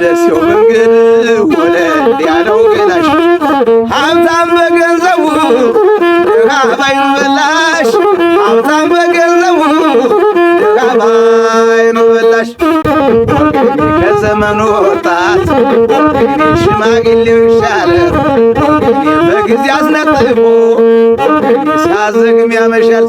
ወደ ሰው መንገድ ወለድ ያለው ገላሽ ሀብታም በገንዘቡ ድሃ በላሽ ሀብታም በገንዘቡ ድሃ በላሽ ከዘመኑ ወጣት ሽማግሌው ይሻላል በጊዜ አስነጥፎ ሳዘግም ያመሻል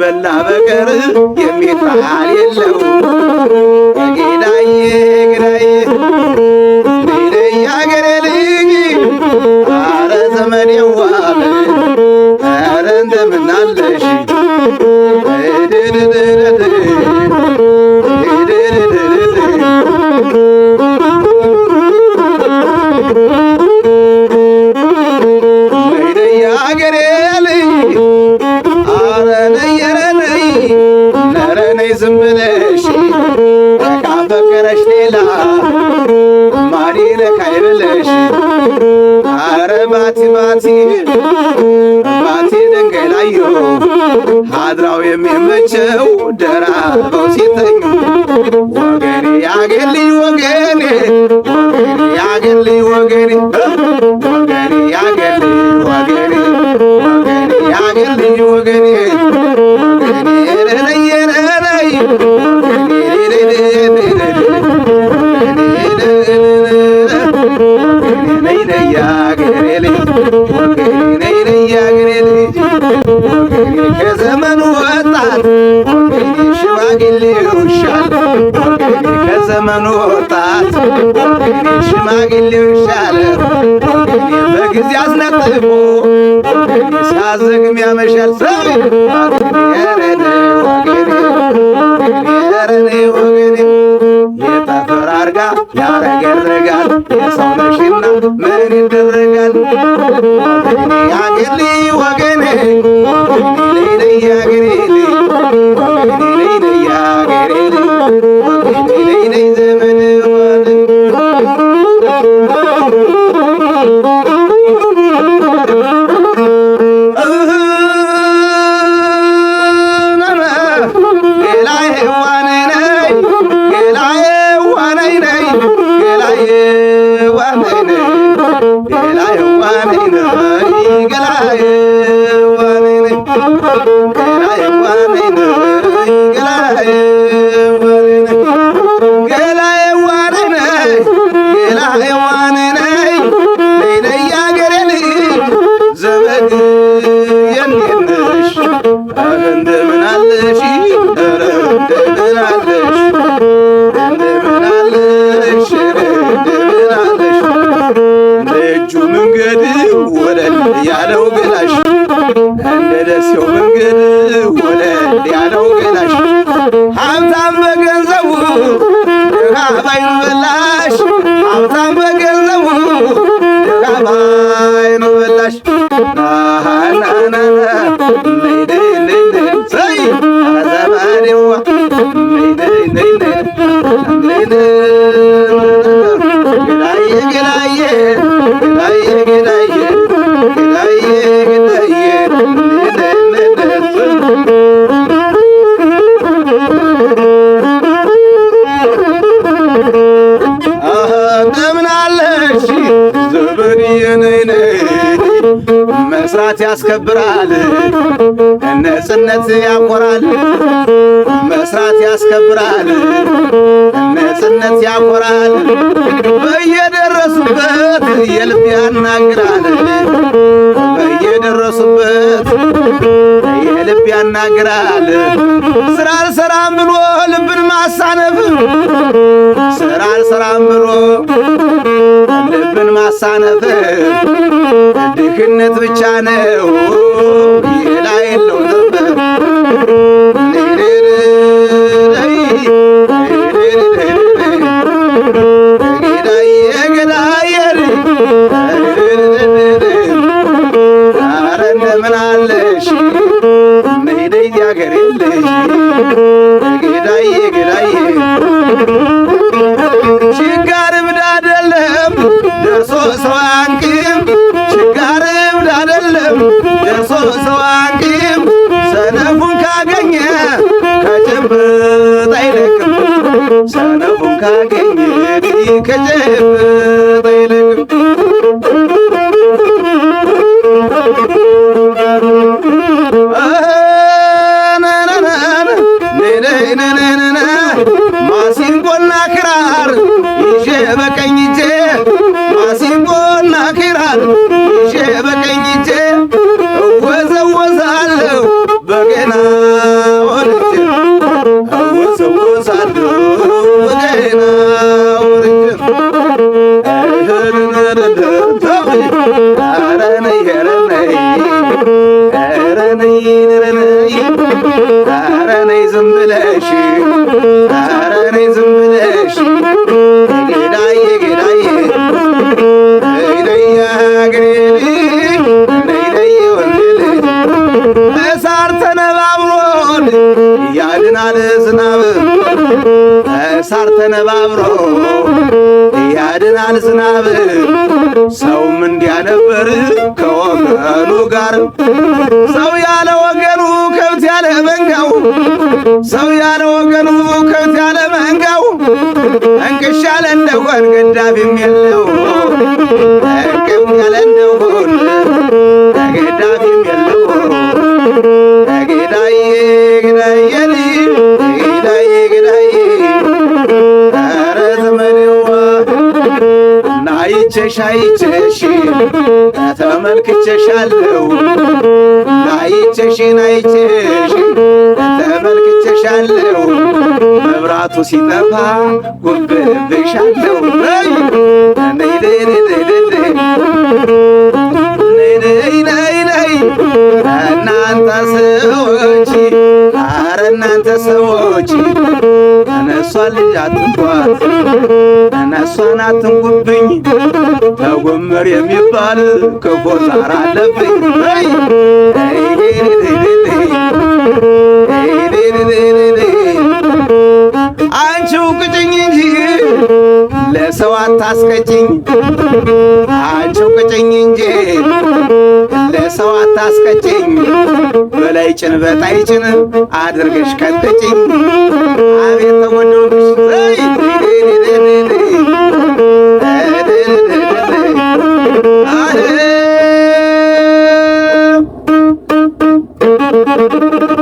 ካልበላ በቀር የሚል ባህል የለው። ገዳዬ ገዳዬ ዝምነሽ ካፈቀረሽ ሌላ ማሪ ነካይበለሽ አረ ባቲ ባቲ ባቲ ደንገላዮ አድራው የሚመቸው ደራበው ሲተኙ ዘመኑ ወጣት ሽማግሌው ይሻለው በጊዜ አስነጥቦ ሳዘግም ያመሻል ሰው የረኔ ወገኔ የረኔ ወገኔ የተፈራርጋ የሰው ሌላ ውረድ ያለው ገላሽ እንደ ደሴው መንገድ ውረድ ያለው ገላሽ ሀብታም በገንዘቡ ድሃ ባይኖበላሽ ሀብታም በገንዘቡ ድሃ ባይኖበላሽ ናናና ያስከብራል፣ ነጽነት ያኮራል። መስራት ያስከብራል፣ ነጽነት ያኮራል። በየደረሱበት የልብ ያናግራል፣ በየደረሱበት ልብ ያናግራል። ስራ አልሰራም ብሎ ልብን ማሳነፍ ስራ አልሰራም ብሎ ልብን ማሳነፍ ድህነት ብቻ ነው። ገዳዬ ገዳዬ ችጋር እብድ አይደለም ደርሶ ሰው ችጋር እብድ አይደለም ደርሶ ሰው ሰነፉን ካገኘ ከጭብጥ አይለቅም ሰነፉን ካገኘ ከጭብጥ ማሲንቆና ክራር ይዤ በቀኝ ያድናል ዝናብ ሰውም እንዲያነበር ከወገኑ ጋር ሰው ያለ ወገኑ ከብት ያለ መንጋው ሰው ያለ ወገኑ ከብት ያለ መንጋው እንቅሻለ እንደሆን ገዳቢም የለው እሺ ተመልክቼሻለሁ አይቼሽን አይቼሽ ተመልክቼሻለሁ መብራቱ ሲጠፋ ጉብብሻለሁ እናንተ ሰዎች አረ እናንተ ሰዎች እነሷን ልጅ አትንኳት እነሷን አትንኩብኝ ጀመር የሚባል ክፉ ዛር አለብኝ። አንቺው ቅጭኝ እንጂ ለሰው አታስቀጭኝ። አንቺው ቅጭኝ እንጂ ለሰው አታስቀጭኝ። በላይ ጭን በታይ ጭን አድርገሽ አቤት Thank you.